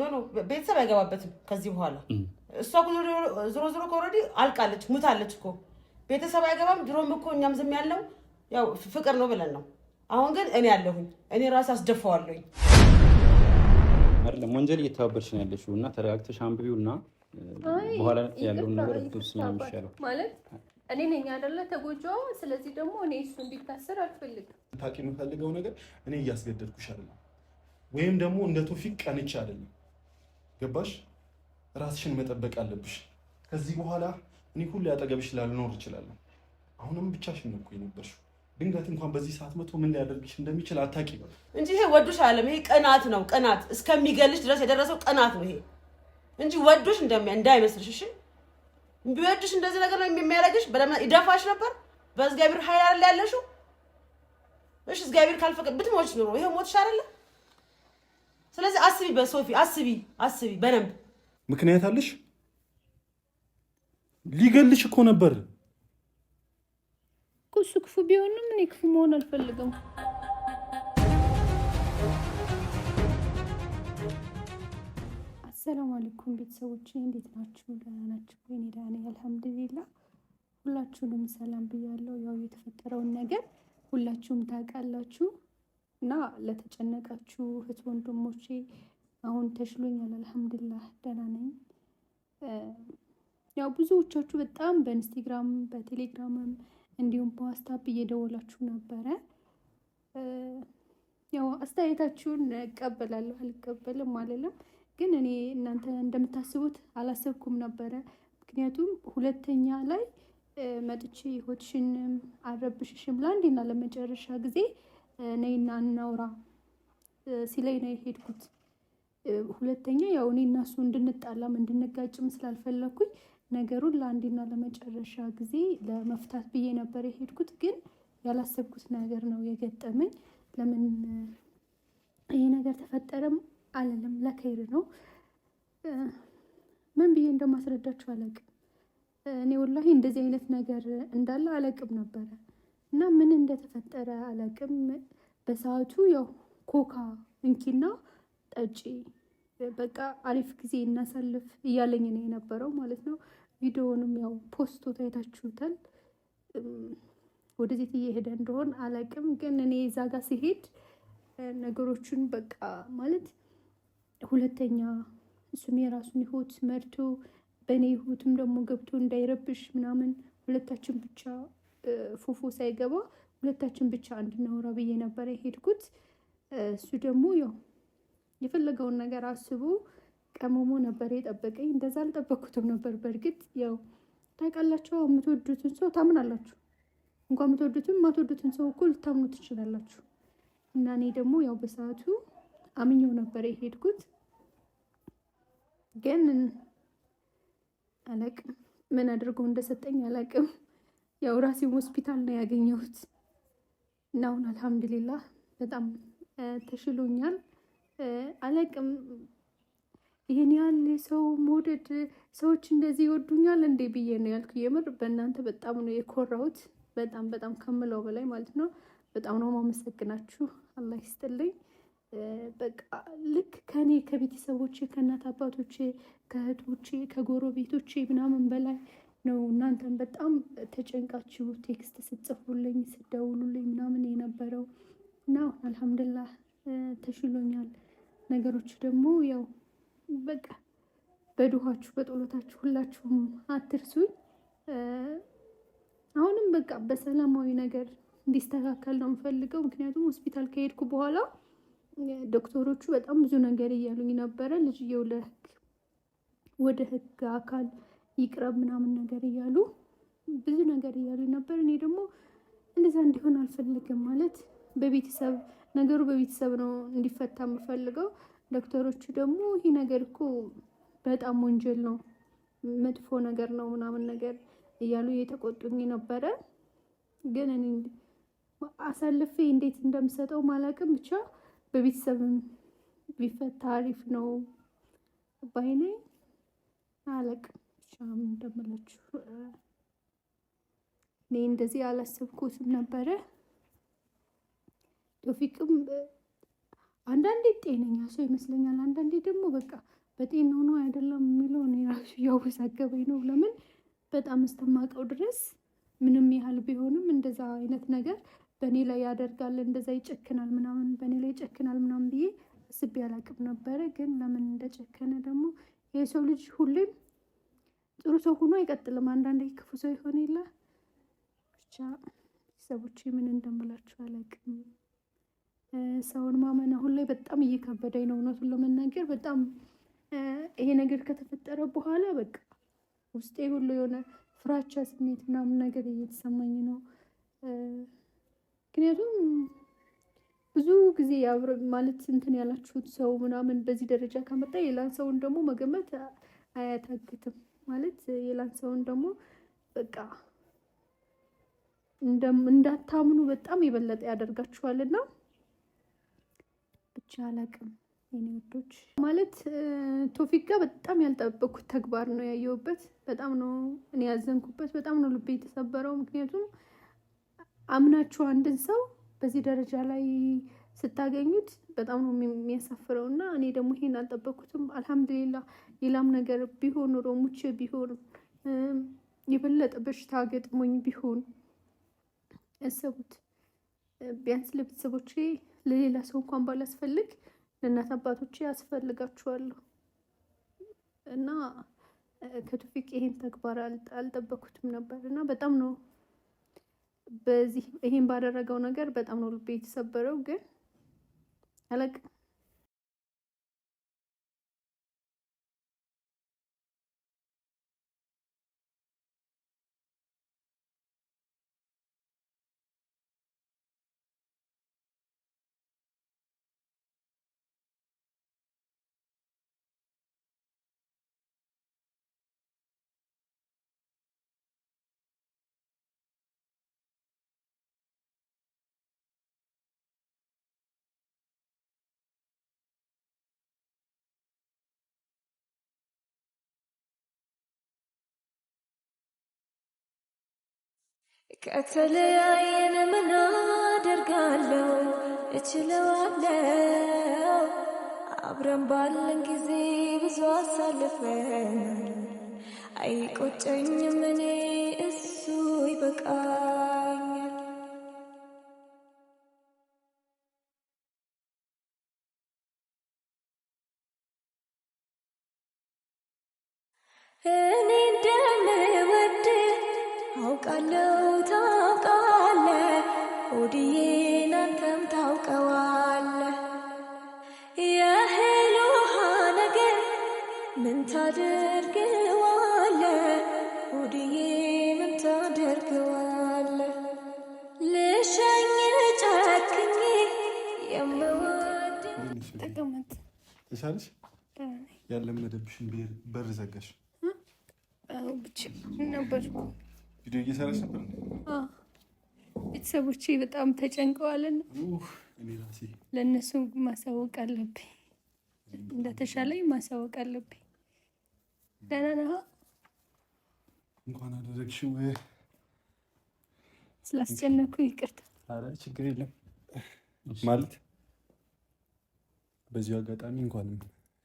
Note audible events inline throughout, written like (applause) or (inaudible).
ኖ ኖ ቤተሰብ አይገባበትም ከዚህ በኋላ እሷ ዞሮ ዞሮ ከኦልሬዲ አልቃለች ሙታለች እኮ ቤተሰብ አይገባም። ድሮም እኮ እኛም ዝም ያለው ያው ፍቅር ነው ብለን ነው። አሁን ግን እኔ ያለሁኝ እኔ ራሴ አስደፋዋለሁኝ። አይደለም ወንጀል እየተባበርሽ ነው ያለችው እና ተረጋግተሽ አንብቢው እና በኋላ ያለውን ነገር ብትወስኝ ነው የሚሻለው። ማለት እኔ ነኝ አይደለ ተጎጂዋ። ስለዚህ ደግሞ እኔ እሱ እንዲታሰር አልፈልግም። ታውቂ የምፈልገው ነገር እኔ እያስገደድኩሽ አይደለም፣ ወይም ደግሞ እንደ ቶፊቅ ቀንቼ አይደለም ገባሽ? ራስሽን መጠበቅ አለብሽ። ከዚህ በኋላ እኔ ሁሌ አጠገብሽ ላልኖር እችላለሁ። አሁንም ብቻሽን ነው እኮ የነበርሽው። ድንገት እንኳን በዚህ ሰዓት መቶ ምን ሊያደርግሽ እንደሚችል አታውቂም እንጂ ይሄ ወዶሽ አለም። ይሄ ቅናት ነው ቅናት። እስከሚገልሽ ድረስ የደረሰው ቅናት ነው ይሄ እንጂ ወዶሽ እንዳይመስልሽ። እሺ ቢወድሽ እንደዚህ ነገር ነው የሚያደርግሽ። በደምብ ይደፋሽ ነበር። በእግዚአብሔር ኃይል አይደል ያለሽው? እሺ እግዚአብሔር ካልፈቀደ ብትሞች ኑሮ ይሄ ሞትሽ አይደለ ስለዚህ አስቢ፣ በሶፊ አስቢ፣ አስቢ በደንብ ምክንያት አለሽ። ሊገልሽ እኮ ነበር እሱ ክፉ ቢሆንም እኔ ክፉ መሆን አልፈልግም። አሰላሙ አለይኩም ቤተሰቦች እንዴት ናችሁ? ደህና ናችሁ? እኔ ደህና ነኝ ሁላችሁንም ሰላም ብያለሁ። ያው የተፈጠረውን ነገር ሁላችሁም ታውቃላችሁ። እና ለተጨነቃችሁ እህት ወንድሞቼ አሁን ተሽሎኛል፣ አልሐምዱሊላህ ደህና ነኝ። ያው ብዙዎቻችሁ በጣም በኢንስታግራም በቴሌግራምም እንዲሁም በዋስታፕ እየደወላችሁ ነበረ። ያው አስተያየታችሁን እቀበላለሁ አልቀበልም አለለም፣ ግን እኔ እናንተ እንደምታስቡት አላሰብኩም ነበረ። ምክንያቱም ሁለተኛ ላይ መጥቼ ሆድሽንም አረብሽሽም ለአንዴና ለመጨረሻ ጊዜ ነይና እናውራ ሲለኝ ነው የሄድኩት። ሁለተኛ ያው እኔ እና እሱ እንድንጣላም እንድንጋጭም ስላልፈለኩኝ ነገሩን ለአንድና ለመጨረሻ ጊዜ ለመፍታት ብዬ ነበር የሄድኩት። ግን ያላሰብኩት ነገር ነው የገጠመኝ። ለምን ይሄ ነገር ተፈጠረም አለለም ለከይር ነው። ምን ብዬ እንደማስረዳችሁ አላውቅም። እኔ ወላሂ እንደዚህ አይነት ነገር እንዳለ አለቅም ነበረ። እና ምን እንደተፈጠረ አላቅም በሰዓቱ ያው ኮካ እንኪና ጠጪ በቃ አሪፍ ጊዜ እናሳልፍ እያለኝ ነው የነበረው ማለት ነው። ቪዲዮውንም ያው ፖስቶ ታይታችሁታል። ወደዚህ እየሄደ እንደሆን አላቅም፣ ግን እኔ እዛ ጋር ሲሄድ ነገሮቹን በቃ ማለት ሁለተኛ እሱም የራሱን ሕይወት መርቶ በእኔ ሕይወትም ደግሞ ገብቶ እንዳይረብሽ ምናምን ሁለታችን ብቻ ፉፉ ሳይገባ ሁለታችን ብቻ እንድናወራ ብዬ ነበረ የሄድኩት። እሱ ደግሞ ያው የፈለገውን ነገር አስቦ ቀመሞ ነበር የጠበቀኝ። እንደዛ አልጠበኩትም ነበር። በእርግጥ ያው ታውቃላችሁ፣ የምትወዱትን ሰው ታምናላችሁ። እንኳን የምትወዱትም የማትወዱትን ሰው እኮ ልታምኑ ትችላላችሁ። እና እኔ ደግሞ ያው በሰዓቱ አምኜው ነበር የሄድኩት። ግን አላቅም ምን አድርጎ እንደሰጠኝ አላቅም። ያው ራሴም ሆስፒታል ነው ያገኘሁት እና አሁን አልሐምዱሊላህ በጣም ተሽሎኛል። አለቅም ይህን ያህል ሰው መውደድ ሰዎች እንደዚህ ይወዱኛል እንዴ ብዬ ነው ያልኩ። የምር በእናንተ በጣም ነው የኮራሁት፣ በጣም በጣም ከምለው በላይ ማለት ነው። በጣም ነው ማመሰግናችሁ፣ አላህ ይስጥልኝ። በቃ ልክ ከኔ ከቤተሰቦቼ ከእናት አባቶቼ ከእህቶቼ ከጎረቤቶቼ ምናምን በላይ ነው እናንተም በጣም ተጨንቃችሁ ቴክስት ስጽፉልኝ ስደውሉልኝ ምናምን የነበረው እና አልሐምዱላህ ተሽሎኛል። ነገሮች ደግሞ ያው በቃ በዱኋችሁ በጦሎታችሁ ሁላችሁም አትርሱኝ። አሁንም በቃ በሰላማዊ ነገር እንዲስተካከል ነው የምፈልገው። ምክንያቱም ሆስፒታል ከሄድኩ በኋላ ዶክተሮቹ በጣም ብዙ ነገር እያሉኝ ነበረ። ልጅየው ለህግ ወደ ህግ አካል ይቅረብ ምናምን ነገር እያሉ ብዙ ነገር እያሉ ነበር። እኔ ደግሞ እንደዛ እንዲሆን አልፈልግም። ማለት በቤተሰብ ነገሩ በቤተሰብ ነው እንዲፈታ የምፈልገው። ዶክተሮቹ ደግሞ ይህ ነገር እኮ በጣም ወንጀል ነው፣ መጥፎ ነገር ነው ምናምን ነገር እያሉ እየተቆጡኝ ነበረ። ግን እኔ አሳልፌ እንዴት እንደምሰጠው ማላቅም ብቻ በቤተሰብ ቢፈታ አሪፍ ነው ባይኔ አለቅም ብቻ ምን እንደምላችሁ እኔ እንደዚህ አላሰብኩትም ነበረ። ቶፊቅም አንዳንዴ ጤነኛ ሰው ይመስለኛል፣ አንዳንዴ ደግሞ በቃ በጤና ሆኖ አይደለም የሚለው እኔ ራሱ እያወዛገበኝ ነው። ለምን በጣም እስተማቀው ድረስ ምንም ያህል ቢሆንም እንደዛ አይነት ነገር በእኔ ላይ ያደርጋል፣ እንደዛ ይጨክናል ምናምን፣ በእኔ ላይ ይጨክናል ምናምን ብዬ አስቤ አላቅም ነበረ። ግን ለምን እንደጨከነ ደግሞ የሰው ልጅ ሁሌም ጥሩ ሰው ሆኖ አይቀጥልም። አንዳንዴ ክፉ ሰው ይሆን የለ ብቻ ሰዎች ምን እንደምላችሁ አላውቅም። ሰውን ማመን አሁን ላይ በጣም እየከበደኝ ነው። እውነቱን ለመናገር በጣም ይሄ ነገር ከተፈጠረ በኋላ በቃ ውስጤ ሁሉ የሆነ ፍራቻ ስሜት ምናምን ነገር እየተሰማኝ ነው። ምክንያቱም ብዙ ጊዜ ማለት እንትን ያላችሁት ሰው ምናምን በዚህ ደረጃ ከመጣ ሌላ ሰውን ደግሞ መገመት አያታግትም። ማለት የላን ሰውን ደግሞ በቃ እንዳታምኑ በጣም የበለጠ ያደርጋችኋልና ብቻ አላቅም ወዶች ማለት ቶፊክ ጋር በጣም ያልጠበኩት ተግባር ነው ያየሁበት። በጣም ነው እኔ ያዘንኩበት። በጣም ነው ልቤ የተሰበረው። ምክንያቱም አምናችሁ አንድን ሰው በዚህ ደረጃ ላይ ስታገኙት በጣም ነው የሚያሳፍረው። እና እኔ ደግሞ ይሄን አልጠበኩትም። አልሐምዱሊላ ሌላም ነገር ቢሆን ኖሮ ሙቼ ቢሆን የበለጠ በሽታ ገጥሞኝ ቢሆን ያሰቡት ቢያንስ ለቤተሰቦቼ ለሌላ ሰው እንኳን ባላስፈልግ ለእናት አባቶቼ ያስፈልጋችኋለሁ እና ከቱፊቅ ይሄን ተግባር አልጠበኩትም ነበር እና በጣም ነው በዚህ ይሄን ባደረገው ነገር በጣም ነው ልቤ የተሰበረው ግን Helak. ከተለያየን ምን አደርጋለሁ? እችለዋለሁ። አብረን ባለን ጊዜ ብዙ አሳልፈን አይቆጨኝም። እኔ እሱ ይበቃኛል። እኔ አውቃለው ታውቃለ ሆድዬ ናንተም ታውቀዋለ የህል ውሃ ነገር ምን ታደርግዋለ ሆድዬ ምን ታደርግዋለ ልሸኝ ጨክኝ የምወድ ጠቀመት ያለመደብሽን በር ዘጋሽ ብቻ ነበር ቪዲዮ እየሰራች ነበር። ቤተሰቦቼ በጣም ተጨንቀዋልና ለእነሱ ማሳወቅ አለብኝ፣ እንደተሻለኝ ማሳወቅ አለብኝ። ደህና ነህ? እንኳን አደረግሽው። ስላስጨነኩ ይቅርታ። አረ ችግር የለም ማለት በዚሁ አጋጣሚ እንኳንም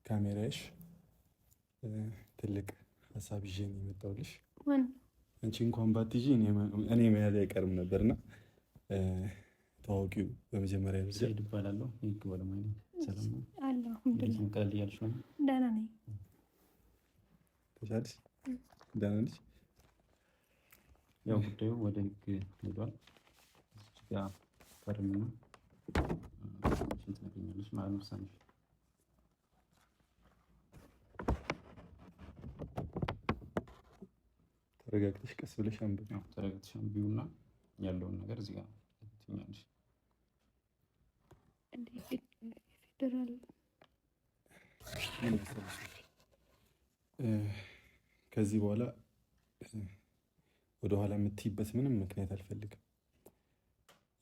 ካሜራሽ ትልቅ ሀሳብ ይዤ ነው የመጣሁልሽ አንቺ እንኳን ባትይዢ እኔ መያዝ አይቀርም ነበርና ታዋቂው በመጀመሪያ ሰይድ ይባላለሁ። የህግ ባለሙያ ነኝ። ደህና ነሽ? ያው ጉዳዩ ወደ ህግ ሄዷል። እዚህ ነገኛለች ማለት ነው። ተረጋግተሽ ቀስ ብለሽ አንብብ። ተረጋግተሽ አንብቢው እና ያለውን ነገር እዚህ ጋር ትኛለሽ። ከዚህ በኋላ ወደኋላ የምትይበት ምንም ምክንያት አልፈልግም።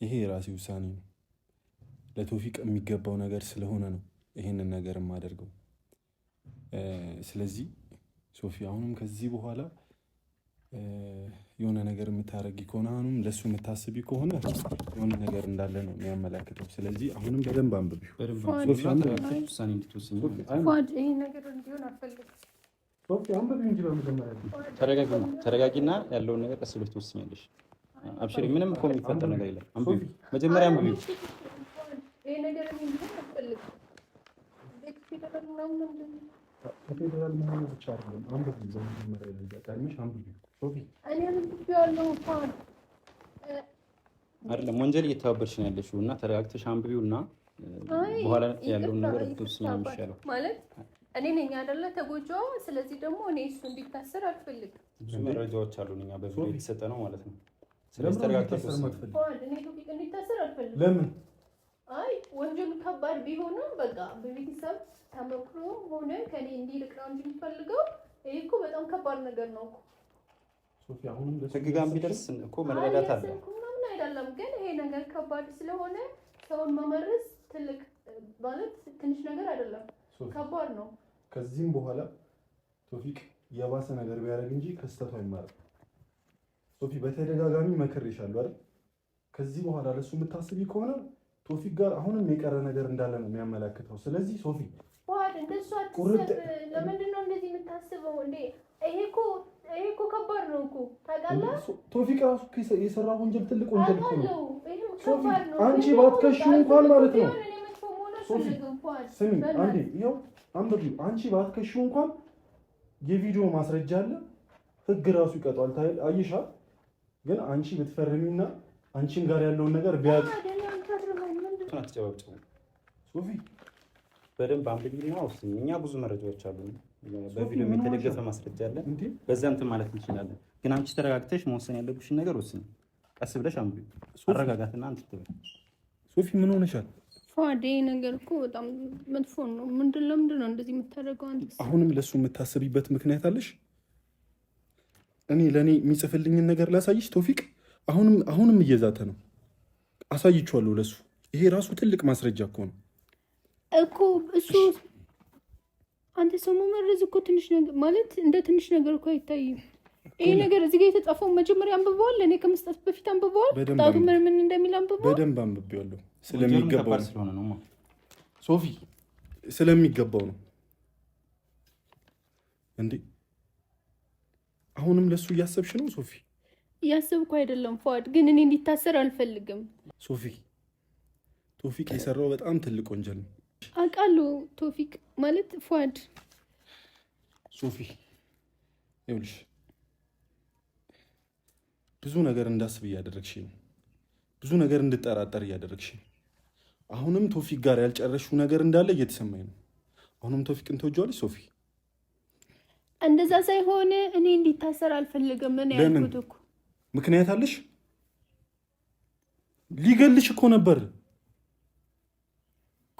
ይሄ የራሴ ውሳኔ ነው። ለቶፊቅ የሚገባው ነገር ስለሆነ ነው ይህንን ነገር የማደርገው። ስለዚህ ሶፊ አሁንም ከዚህ በኋላ የሆነ ነገር የምታደረግ ከሆነ አሁንም ለእሱ የምታስቢ ከሆነ የሆነ ነገር እንዳለ ነው የሚያመላክተው። ስለዚህ አሁንም በደንብ አንብቢ። ተረጋጊና ያለውን ነገር ቀስ ብለሽ ትወስኛለሽ። አብሽሪ፣ ምንም እኮ የሚፈጠር ነገር የለም። አንብቢ፣ መጀመሪያ አንብቢ። ፌደራል መሆኑ ብቻ አይደለም፣ አንብቢ። በመጀመሪያ ላይ አንብቢ አይደለም ወንጀል እየተባበርሽ ነው ያለሽው እና ተረጋግተሽ አንብቢው እና በኋላ ያለውን ነገር ብትወስኝ ነው የሚሻለው። ማለት እኔ ነኝ አይደለ ተጎጂዋ። ስለዚህ ደግሞ እኔ እሱ እንዲታሰር አልፈልግም። ብዙ መረጃዎች አሉን እኛ በዙሪያ የተሰጠ ነው ማለት ነው። ስለዚህ ተረጋግተሽ እንዲታሰር አልፈልግም። ለምን? አይ ወንጀሉ ከባድ ቢሆንም በቃ በቤተሰብ ተመክሮ ሆነ ከኔ እንዲርቅ ነው እንጂ የሚፈልገው። ይህ እኮ በጣም ከባድ ነገር ነው እኮ ህግ ጋር ቢደርስ እኮ መረዳት አለ ምናምን አይደለም። ግን ይሄ ነገር ከባድ ስለሆነ ሰውን መመርዝ ትልቅ ማለት ትንሽ ነገር አይደለም፣ ከባድ ነው። ከዚህም በኋላ ቶፊቅ የባሰ ነገር ቢያደርግ እንጂ ከስተቱ አይማርም። ሶፊ በተደጋጋሚ መክሬሻለሁ አይደል? ከዚህ በኋላ ለሱ የምታስቢ ከሆነ ቶፊቅ ጋር አሁንም የቀረ ነገር እንዳለ ነው የሚያመላክተው። ስለዚህ ሶፊ ዋድ እንደሱ አትሰብ። ለምንድን ነው እንደዚህ የምታስበው እንዴ? ይሄ እኮ ይሄ እኮ ከባድ ነው እኮ ታውቃለህ። ቶፊቅ ራሱ የሰራ ወንጀል ትልቅ ወንጀል እኮ ነው። አንቺ ባትከሺው እንኳን ማለት ነው ስሚ አንዴ ይኸው አንብቢ። አንቺ ባትከሺው እንኳን የቪዲዮ ማስረጃ አለ፣ ህግ ራሱ ይቀጣዋል። አየሻ ግን አንቺ ብትፈርሚና አንቺም ጋር ያለውን ነገር ቢያት ሶፊ በደንብ አንብቢና ውስጥ እኛ ብዙ መረጃዎች አሉ በቪዲዮ የሚተደገፈ ማስረጃ አለ። በዛ እንትን ማለት እንችላለን። ግን አንቺ ተረጋግተሽ መወሰን ያለብሽን ነገር ወስኝ። ቀስ ብለሽ አንብቢ። አረጋጋትና እንትን ትበል። ሶፊ ምን ሆነሻል? ፏዴ ነገር እኮ በጣም መጥፎ ነው። ምንድን ለምንድን ነው እንደዚህ የምታደርገው? አሁንም ለእሱ የምታስቢበት ምክንያት አለሽ? እኔ ለእኔ የሚጽፍልኝን ነገር ላሳይሽ ቶፊቅ። አሁንም አሁንም እየዛተ ነው። አሳይቸዋለሁ ለሱ። ይሄ ራሱ ትልቅ ማስረጃ እኮ ነው እኮ እሱ አንተ ሰው መመረዝ እኮ ትንሽ ነገር ማለት እንደ ትንሽ ነገር እኮ አይታይም። ይህ ነገር እዚህ ጋር የተጻፈው መጀመሪያ አንብበዋል። ለእኔ ከመስጠት በፊት አንብበዋል። ጣቱ ምን ምን እንደሚል አንብበዋል። በደንብ አንብቤዋለሁ። ስለሚገባው ነው ሶፊ፣ ስለሚገባው ነው እንዴ። አሁንም ለሱ እያሰብሽ ነው ሶፊ? እያሰብኩ አይደለም ፏድ፣ ግን እኔ እንዲታሰር አልፈልግም ሶፊ። ቶፊቅ የሰራው በጣም ትልቅ ወንጀል ነው። አውቃለሁ ቶፊቅ ማለት ፏድ ሶፊ ይኸውልሽ ብዙ ነገር እንዳስብ እያደረግሽ ነው። ብዙ ነገር እንድጠራጠር እያደረግሽ ነው። አሁንም ቶፊቅ ጋር ያልጨረሽው ነገር እንዳለ እየተሰማኝ ነው። አሁንም ቶፊቅን ትወጂዋለሽ ሶፊ? እንደዛ ሳይሆን እኔ እንዲታሰር አልፈልግም። ምን ያልኩት እኮ ምክንያት አለሽ። ሊገልሽ እኮ ነበር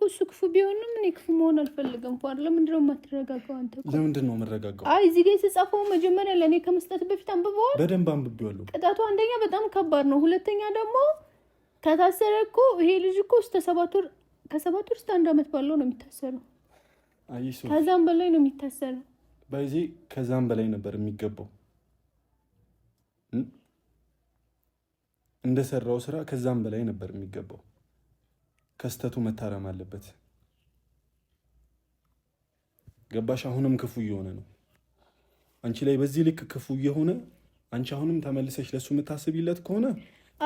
እሱ ክፉ ቢሆንም እኔ ክፉ መሆን አልፈልግም። ኳር ለምንድን ነው የማትረጋጋው አንተ? ለምንድን ነው የምረጋጋው? አይ እዚህ ጋር የተጻፈው መጀመሪያ ለእኔ ከመስጠት በፊት አንብበዋል። በደንብ አንብቤዋለሁ። ቅጣቱ አንደኛ በጣም ከባድ ነው። ሁለተኛ ደግሞ ከታሰረ እኮ ይሄ ልጅ እኮ እስከ ሰባት ወር ከሰባት ወር እስከ አንድ አመት ባለው ነው የሚታሰረው። ከዛም በላይ ነው የሚታሰረው። ባይዜ ከዛም በላይ ነበር የሚገባው እንደሰራው ስራ ከዛም በላይ ነበር የሚገባው። ከስተቱ መታረም አለበት። ገባሽ? አሁንም ክፉ እየሆነ ነው አንቺ ላይ በዚህ ልክ ክፉ እየሆነ አንቺ አሁንም ተመልሰሽ ለሱ የምታስብለት ከሆነ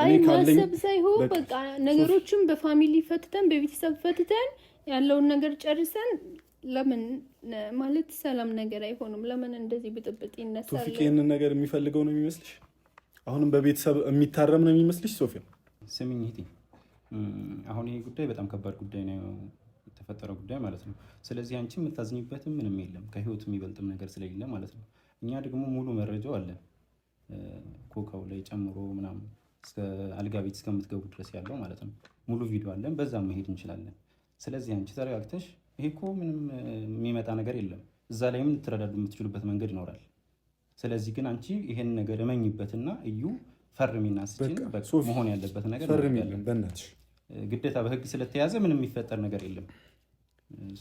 አይ ማሰብ ሳይሆን በቃ ነገሮችን በፋሚሊ ፈትተን በቤተሰብ ፈትተን ያለውን ነገር ጨርሰን ለምን ማለት ሰላም ነገር አይሆንም? ለምን እንደዚህ ብጥብጥ ይነሳል? ቶፊቅ ይህንን ነገር የሚፈልገው ነው የሚመስልሽ? አሁንም በቤተሰብ የሚታረም ነው የሚመስልሽ? ሶፊያ ስሚኝ እህቴ አሁን ይሄ ጉዳይ በጣም ከባድ ጉዳይ ነው የተፈጠረው ጉዳይ ማለት ነው። ስለዚህ አንቺ የምታዝኝበትም ምንም የለም ከህይወት የሚበልጥም ነገር ስለሌለ ማለት ነው። እኛ ደግሞ ሙሉ መረጃው አለ ኮካው ላይ ጨምሮ ምናምን እስከ አልጋ ቤት እስከምትገቡ ድረስ ያለው ማለት ነው። ሙሉ ቪዲዮ አለን፣ በዛም መሄድ እንችላለን። ስለዚህ አንቺ ተረጋግተሽ ይሄ እኮ ምንም የሚመጣ ነገር የለም እዛ ላይም ልትረዳዱ የምትችሉበት መንገድ ይኖራል። ስለዚህ ግን አንቺ ይሄን ነገር እመኝበትና እዩ ፈርሚና ስችን መሆን ያለበት ነገር ግዴታ በህግ ስለተያዘ ምንም የሚፈጠር ነገር የለም።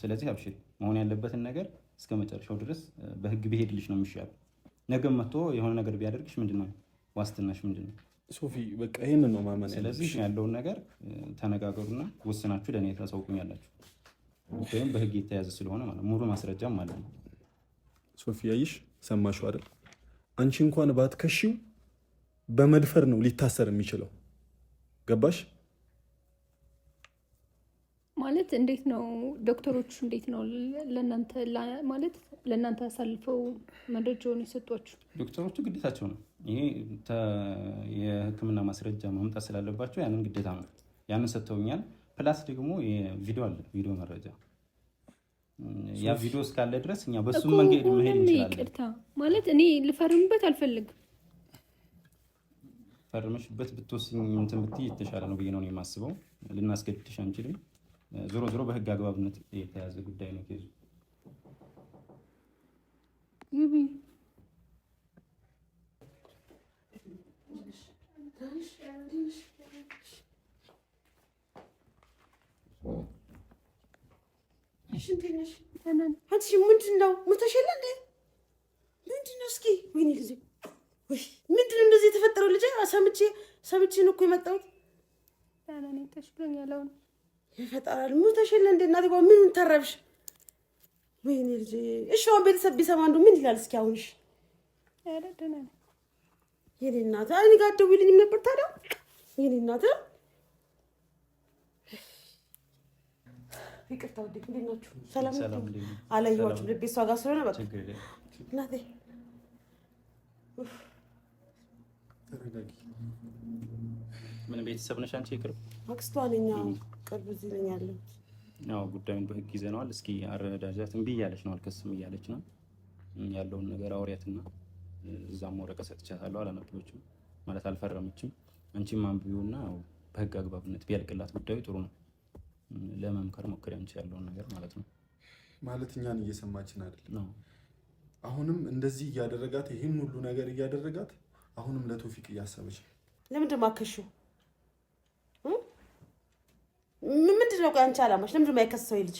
ስለዚህ አብሽር መሆን ያለበትን ነገር እስከ መጨረሻው ድረስ በህግ ብሄድልሽ ነው የሚሻለው። ነገም መጥቶ የሆነ ነገር ቢያደርግሽ ምንድነው ዋስትናሽ? ምንድነው ሶፊ? በቃ ይህን ነው ማመን። ስለዚህ ያለውን ነገር ተነጋገሩና ወስናችሁ ለእኔ ታሳውቁኛላችሁ። ወይም በህግ የተያዘ ስለሆነ ማለት ሙሉ ማስረጃም ማለት ነው። ሶፊ አይሽ፣ ሰማሽው አይደል? አንቺ እንኳን ባትከሺው በመድፈር ነው ሊታሰር የሚችለው ገባሽ? ማለት እንዴት ነው ዶክተሮቹ እንዴት ነው ለእናንተ ማለት ለእናንተ አሳልፈው መረጃውን የሰጧችሁ? ዶክተሮቹ ግዴታቸው ነው። ይሄ የህክምና ማስረጃ ማምጣት ስላለባቸው ያንን ግዴታ ነው። ያንን ሰጥተውኛል። ፕላስ ደግሞ ቪዲዮ አለ፣ ቪዲዮ መረጃ ያ ቪዲዮ እስካለ ድረስ እኛ በሱ መንገድ መሄድ እንችላለን። ይቅርታ ማለት እኔ ልፈርምበት አልፈልግም። ፈርመሽበት ብትወስኝ እንትን ብትይ የተሻለ ነው ብዬ ነው የማስበው። ልናስገድድሽ አንችልም። ዞሮ ዞሮ በህግ አግባብነት የተያዘ ጉዳይ ነው ኬዙ። ምንድን ነው እንዴ? ምንድን ነው እስኪ? ወይኔ ጊዜ ምንድን ነው እንደዚህ የተፈጠረው? ልጄ ሰምቼ እኮ የመጣሁት ተሽሎኛል አሁን ይፈጠራል ሙተሽል እንደ እናቴ ምን ተረብሽ? ወይኔ ልጄ። እሺ ቤተሰብ ቢሰማ እንደው ምን ይላል? እስኪ አሁንሽ ኧረ የኔ እናት። እኔ ጋር አትደውይልኝም ነበር ታዲያ የኔ እናት? ይቅርታ ውዴ፣ እንዴት ናችሁ? ሰላም አላየኋችሁም ልቤ እሷ ጋር ስለሆነ በቃ እናቴ ምን ቤተሰብ ነሽ አንቺ? ይቅርብ አክስቷ ነኝ። ቅርብ እዚህ ነኝ ያለሁት። ያው ጉዳዩን በህግ ይዘነዋል። እስኪ አረዳጃት እምቢ እያለች ነው አልከስም እያለች ነው ያለውን ነገር አውሪያትና እዛም ወረቀት ሰጥቻታለሁ። አላነበበችም ማለት አልፈረመችም። አንቺም አንብቢውና በህግ አግባብነት ቢያልቅላት ጉዳዩ ጥሩ ነው። ለመምከር ሞክሪ፣ አንቺ ያለውን ነገር ማለት ነው። ማለት እኛን እየሰማችን አይደለም። አሁንም እንደዚህ እያደረጋት ይህን ሁሉ ነገር እያደረጋት አሁንም ለቶፊቅ እያሰበች ለምንድን ማከሹ ምንድን ነው አንቺ አላማሽ? ለምንድን ነው የማይከሰው ልጅ?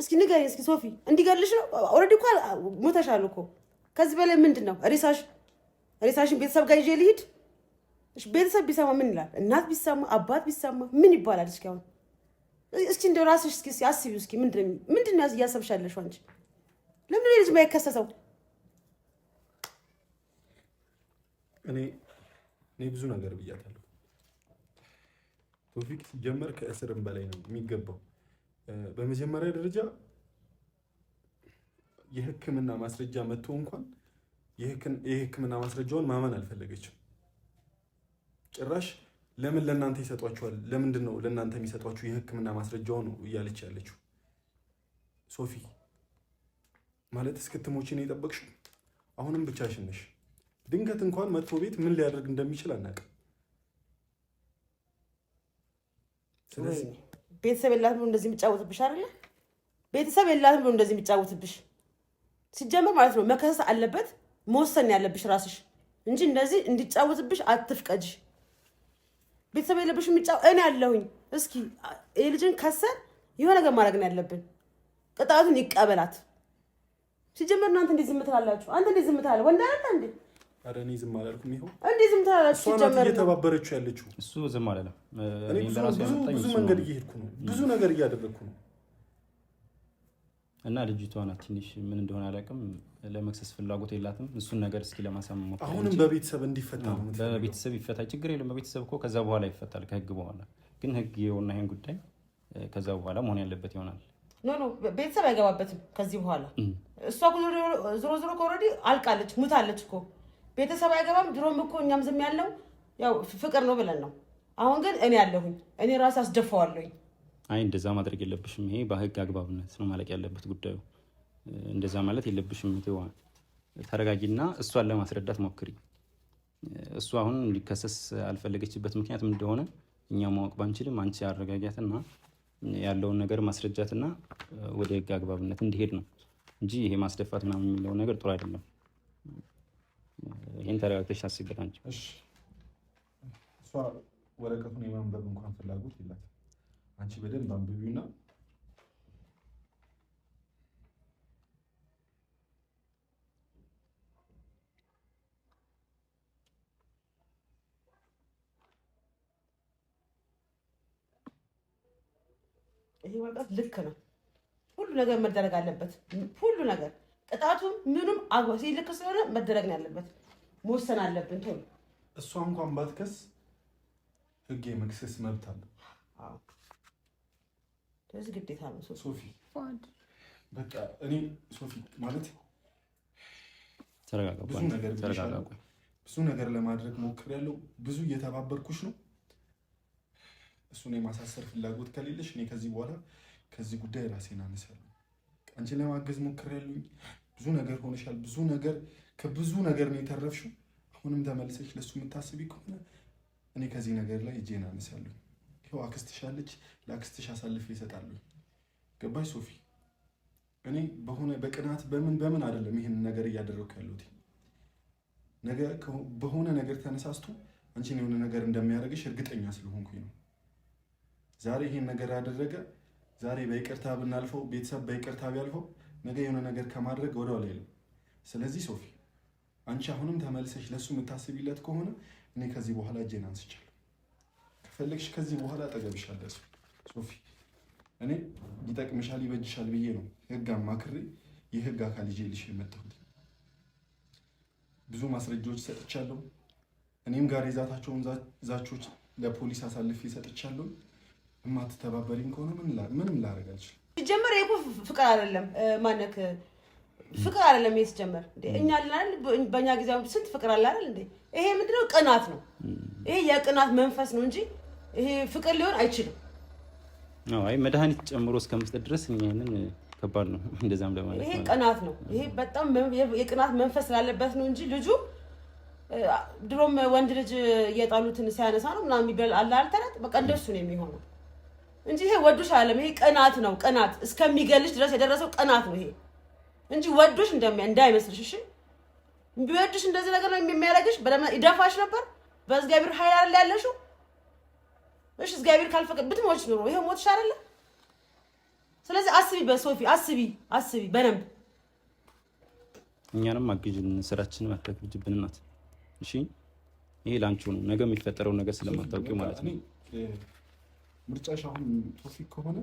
እስኪ ንገሪኝ እስኪ ሶፊ፣ እንዲገልሽ ነው? ኦልሬዲ እኮ ሞተሻል እኮ። ከዚህ በላይ ምንድን ነው ሬሳሽ? ሬሳሽን ቤተሰብ ጋር ይዤ ልሂድ? ቤተሰብ ቢሰማ ምን ይላል? እናት ቢሰማ፣ አባት ቢሰማ ምን ይባላል? እስኪ አሁን እስኪ እንደ ራስሽ እስኪ አስቢው እስኪ ምንድን ነው እያሰብሻለሽ አንቺ? ለምንድን ነው ልጅ የማይከሰሰው? እኔ ብዙ ነገር ብያታለሁ ቶፊቅ ሲጀመር ከእስርም በላይ ነው የሚገባው። በመጀመሪያ ደረጃ የሕክምና ማስረጃ መጥቶ እንኳን የሕክምና ማስረጃውን ማመን አልፈለገችም። ጭራሽ ለምን ለእናንተ ይሰጧችኋል? ለምንድን ነው ለእናንተ የሚሰጧችሁ የሕክምና ማስረጃው ነው እያለች ያለችው ሶፊ ማለት እስክትሞችን የጠበቅሽው አሁንም ብቻሽን ነሽ። ድንገት እንኳን መጥፎ ቤት ምን ሊያደርግ እንደሚችል አናውቅም። ቤተሰብ የላትም ብሎ እንደዚህ የሚጫወትብሽ አይደለ? ቤተሰብ የላትም ብሎ እንደዚህ የሚጫወትብሽ ሲጀመር ማለት ነው። መከሰስ አለበት መወሰን ያለብሽ ራስሽ እንጂ እንደዚህ እንዲጫወትብሽ አትፍቀጅ። ቤተሰብ የለብሽ የሚጫ እኔ አለሁኝ። እስኪ የልጅን ከሰን የሆነ ነገር ማድረግ ነው ያለብን። ቅጣቱን ይቀበላት። ሲጀመር እናንተ እንዴት ዝም ትላላችሁ? አንተ እንዴት ዝም ትላለህ? ወንድ አይደለ እንዴ? እኔ ዝም አላልኩም። ይኸው እንዴ ዝም እሷ ናት እየተባበረችው ያለችው፣ እሱ ዝም አላለም። ብዙ መንገድ እየሄድኩ ነው፣ ብዙ ነገር እያደረግኩ ነው። እና ልጅቷ ናት ትንሽ ምን እንደሆነ አላውቅም፣ ለመክሰስ ፍላጎት የላትም። እሱን ነገር እስኪ ለማሳመን አሁንም በቤተሰብ እንዲፈታ በቤተሰብ ይፈታ፣ ችግር የለም። በቤተሰብ እኮ ከዛ በኋላ ይፈታል፣ ከህግ በኋላ ግን ህግ የሆና ይህን ጉዳይ ከዛ በኋላ መሆን ያለበት ይሆናል። ኖ ኖ ቤተሰብ አይገባበትም ከዚህ በኋላ እሷ ዞሮ ዞሮ ከወረዲ አልቃለች፣ ሙታለች እኮ ቤተሰብ አይገባም። ድሮም እኮ እኛም ዝም ያለው ያው ፍቅር ነው ብለን ነው። አሁን ግን እኔ ያለሁኝ እኔ ራሴ አስደፋዋለሁኝ። አይ እንደዛ ማድረግ የለብሽም። ይሄ በህግ አግባብነት ነው ማለቅ ያለበት ጉዳዩ። እንደዛ ማለት የለብሽም። ተረጋጊና እሷን ለማስረዳት ሞክሪ። እሱ አሁን ሊከሰስ አልፈለገችበት ምክንያት ምን እንደሆነ እኛ ማወቅ ባንችልም አንቺ አረጋጊያትና ያለውን ነገር ማስረጃትና ወደ ህግ አግባብነት እንዲሄድ ነው እንጂ ይሄ ማስደፋት ምናምን የሚለው ነገር ጥሩ አይደለም። ይህን ተረጋግተሽ ታስቢበት አንቺ። እሷ ወረቀቱን የማንበብ እንኳን ፍላጎት የላት። አንቺ በደንብ አንብቢውና ይህ ወረቀት ልክ ነው። ሁሉ ነገር መደረግ አለበት። ሁሉ ነገር ቅጣቱም ምኑም አግባብ ልክ ስለሆነ መደረግ ነው ያለበት። መወሰን አለብን። ቶሎ እሷ እንኳን ባትከስ ህግ የመክሰስ መብት አለ። ስለዚህ ግዴታ ነው። ሶፊ በቃ እኔ ሶፊ ማለት ብዙ ነገር ለማድረግ ሞክሬያለሁ። ብዙ እየተባበርኩሽ ነው። እሱን የማሳሰር ፍላጎት ከሌለሽ እኔ ከዚህ በኋላ ከዚህ ጉዳይ ራሴን አነሳለሁ። አንቺን ለማገዝ ሞክሬያለሁኝ ብዙ ነገር ሆነሻል። ብዙ ነገር ከብዙ ነገር ነው የተረፍሽው። አሁንም ተመልሰሽ ለሱ የምታስቢ ከሆነ እኔ ከዚህ ነገር ላይ እጄን አነሳለሁ። ይኸው አክስትሽ አለች፣ ለአክስትሽ አሳልፌ እሰጣለሁ። ገባሽ ሶፊ? እኔ በሆነ በቅናት በምን በምን አይደለም ይህን ነገር እያደረግኩ ያለሁት። ነገ በሆነ ነገር ተነሳስቶ አንቺን የሆነ ነገር እንደሚያደርግሽ እርግጠኛ ስለሆንኩኝ ነው። ዛሬ ይህን ነገር ያደረገ ዛሬ በይቅርታ ብናልፈው፣ ቤተሰብ በይቅርታ ቢያልፈው ነገ የሆነ ነገር ከማድረግ ኋላ የለም። ስለዚህ ሶፊ አንቺ አሁንም ተመልሰሽ ለእሱ የምታስቢለት ከሆነ እኔ ከዚህ በኋላ እጄን አንስቻለሁ። ከፈለግሽ ከዚህ በኋላ አጠገብሻል ሶፊ። እኔ ይጠቅምሻል፣ ይበጅሻል ብዬ ነው ህግ አማክሬ የህግ አካል ይዤልሽ የመጣሁት። ብዙ ማስረጃዎች ሰጥቻለሁ። እኔም ጋር የዛታቸውን ዛቾች ለፖሊስ አሳልፌ ሰጥቻለሁ። የማትተባበሪኝ ከሆነ ምንም ላደርግ አልችልም። ሲጀመር ይሄ እኮ ፍቅር አይደለም። ማነክ ፍቅር አይደለም። ይሄ ሲጀመር እኛ አለን በእኛ ጊዜ ስንት ፍቅር አለ አይደል እንዴ? ይሄ ምንድነው? ቅናት ነው። ይሄ የቅናት መንፈስ ነው እንጂ ይሄ ፍቅር ሊሆን አይችልም። አይ መድኃኒት ጨምሮ እስከ መስጠት ድረስ እኛ ከባድ ነው። (laughs) እንደዛም ለማለት ይሄ ቅናት ነው። ይሄ በጣም የቅናት መንፈስ ስላለበት ነው እንጂ ልጁ ድሮም ወንድ ልጅ እየጣሉትን ሲያነሳ ነው ምናምን የሚበል አለ አልተረት በቃ እንደሱ ነው የሚሆነው እንጂ ይሄ ወዶሽ አለም ይሄ ቅናት ነው። ቅናት እስከሚገልሽ ድረስ የደረሰው ቅናት ነው ይሄ እንጂ ወዶሽ እንደሚያ እንዳይመስልሽ። እሺ ቢወድሽ እንደዚህ ነገር ነው የሚያደርግሽ። በደም ይደፋሽ ነበር። በእግዚአብሔር ኃይል አይደል ያለሽው። እሺ እግዚአብሔር ካልፈቀደ ብትሞች ኑሮ ይሄ ሞትሽ አይደለ። ስለዚህ አስቢ፣ በሶፊ አስቢ፣ አስቢ በደንብ እኛንም አግዥን። ስራችን ማድረግ ልጅብን ናት። እሺ ይሄ ላንቺው ነው ነገ የሚፈጠረው ነገር ስለማታውቂው ማለት ነው። ምርጫሽ አሁን ቶፊቅ ከሆነ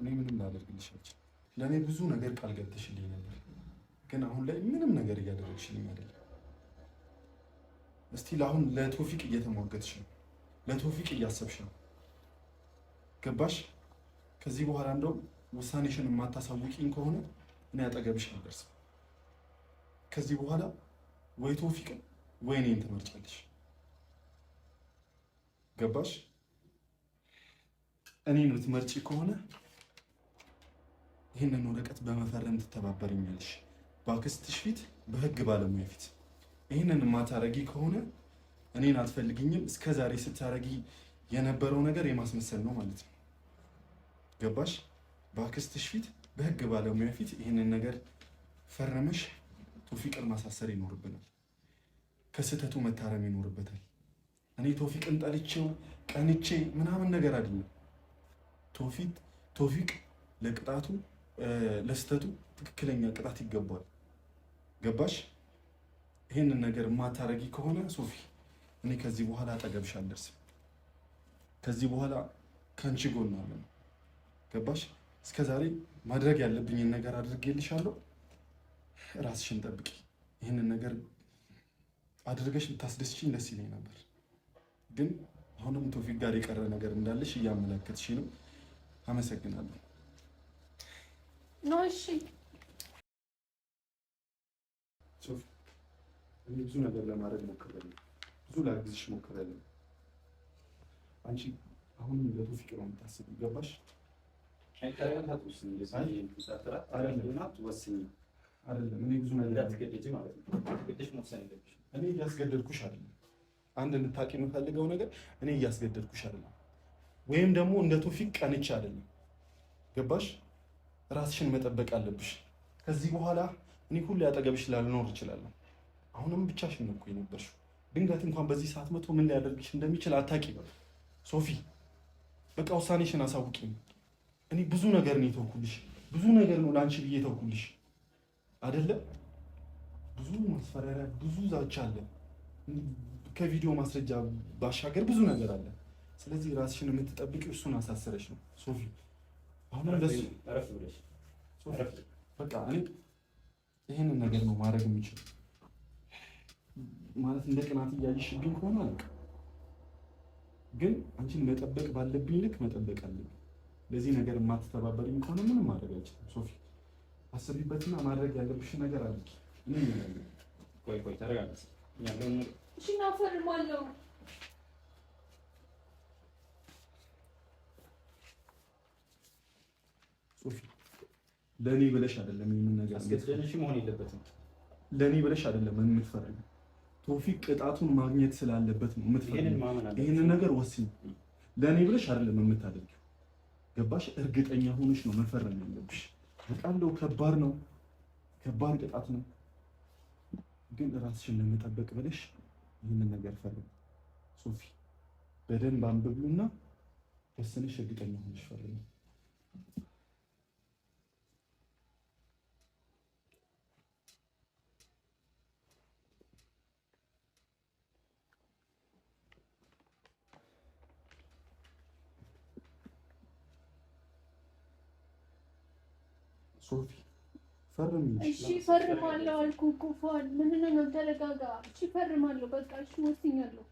እኔ ምንም ላደርግልሽ ለእኔ ብዙ ነገር ቃል ገብተሽልኝ ነበር፣ ግን አሁን ላይ ምንም ነገር እያደረግሽልኝ አይደለም። እስቲ ለአሁን ለቶፊቅ እየተሟገትሽ ነው፣ ለቶፊቅ እያሰብሽ ነው። ገባሽ? ከዚህ በኋላ እንደውም ውሳኔሽን የማታሳውቂኝ ከሆነ እኔ አጠገብሽ አልደርስም። ከዚህ በኋላ ወይ ቶፊቅን ወይ እኔን ትመርጫለሽ። ገባሽ? እኔን የምትመርጪ ከሆነ ይህንን ወረቀት በመፈረም ትተባበርኛለሽ፣ በአክስትሽ ፊት፣ በህግ ባለሙያ ፊት። ይህንን ማታረጊ ከሆነ እኔን አትፈልግኝም። እስከ ዛሬ ስታረጊ የነበረው ነገር የማስመሰል ነው ማለት ነው። ገባሽ? በአክስትሽ ፊት፣ በህግ ባለሙያ ፊት ይህንን ነገር ፈረመሽ ቶፊቅን ማሳሰር ይኖርብናል። ከስህተቱ መታረም ይኖርበታል። እኔ ቶፊቅን ጠልቼው ቀንቼ ምናምን ነገር አይደለም። ቶፊቅ ለቅጣቱ ለስተቱ ትክክለኛ ቅጣት ይገባል። ገባሽ? ይህንን ነገር ማታረጊ ከሆነ ሶፊ እኔ ከዚህ በኋላ አጠገብሽ አልደርስም። ከዚህ በኋላ ከንቺ ጎን አለን። ገባሽ? እስከዛሬ ማድረግ ያለብኝን ነገር አድርጌልሻለሁ። ራስሽን ጠብቂ። ይህንን ነገር አድርገሽ ልታስደስችኝ ደስ ይለኝ ነበር፣ ግን አሁንም ቶፊቅ ጋር የቀረ ነገር እንዳለሽ እያመለከትሽ ነው። አመሰግናለሁ። እኔ ብዙ ነገር ለማድረግ ሞክሬያለሁ፣ ብዙ ላግዝሽ ሞክሬያለሁ። አንቺ አሁንም ለቶፊቅ ነው የምታስብ፣ ይገባሽ? እኔ እያስገደድኩሽ አይደለም። አንድ እንድታቂ የምፈልገው ነገር እኔ እያስገደድኩሽ አይደለም ወይም ደግሞ እንደ ቶፊቅ ቀንቼ አይደለም። ገባሽ? ራስሽን መጠበቅ አለብሽ። ከዚህ በኋላ እኔ ሁሌ አጠገብሽ ላልኖር እችላለሁ። አሁንም ብቻሽን እኮ የነበርሽው ድንገት እንኳን በዚህ ሰዓት መቶ ምን ሊያደርግሽ እንደሚችል አታውቂም። ሶፊ በቃ ውሳኔሽን አሳውቂኝ። እኔ ብዙ ነገር ነው የተውኩልሽ፣ ብዙ ነገር ነው ለአንቺ ብዬ የተውኩልሽ አይደለም። ብዙ ማስፈራሪያ፣ ብዙ ዛቻ አለ። ከቪዲዮ ማስረጃ ባሻገር ብዙ ነገር አለ። ስለዚህ ራስሽን የምትጠብቂው እሱን አሳሰረች ነው ሶፊ። አሁንም ለሱ በቃ እኔ ይሄንን ነገር ነው ማድረግ የሚችል ማለት እንደ ቅናት እያየሽብኝ ከሆነ አልቅ፣ ግን አንቺን መጠበቅ ባለብኝ ልክ መጠበቅ አለብኝ። ለዚህ ነገር የማትተባበሪኝ ከሆነ ምንም ማድረግ አይችልም ሶፊ። አስቢበትና ማድረግ ያለብሽ ነገር አለ። ቆይ ቆይ ተረጋጋ። እሺ እናፈርማለሁ ሶፊ ለእኔ ብለሽ አይደለም ይህንን ነገር አስገድደንሽ መሆን የለበትም። ለእኔ ብለሽ አይደለም የምትፈርጊው። ቶፊቅ ቅጣቱን ማግኘት ስላለበት ነው የምትፈርጊው። ይህንን ነገር ወስኝ። ለእኔ ብለሽ አይደለም የምታደርጊው። ገባሽ? እርግጠኛ ሆነሽ ነው መፈረም ያለብሽ። በቃለው ከባድ ነው፣ ከባድ ቅጣት ነው። ግን ራስሽን ለመጠበቅ ብለሽ ይህንን ነገር ፈርም። ሶፊ በደንብ አንብቢውና ወስነሽ እርግጠኛ ሆነሽ ፈርም። ሶፊ ፈርም። እሺ ፈርማለሁ አልኩህ እኮ ፏል። ምንድን ነው ተረጋጋ። እሺ ፈርማለሁ። በቃ እሺ ወስኛለሁ።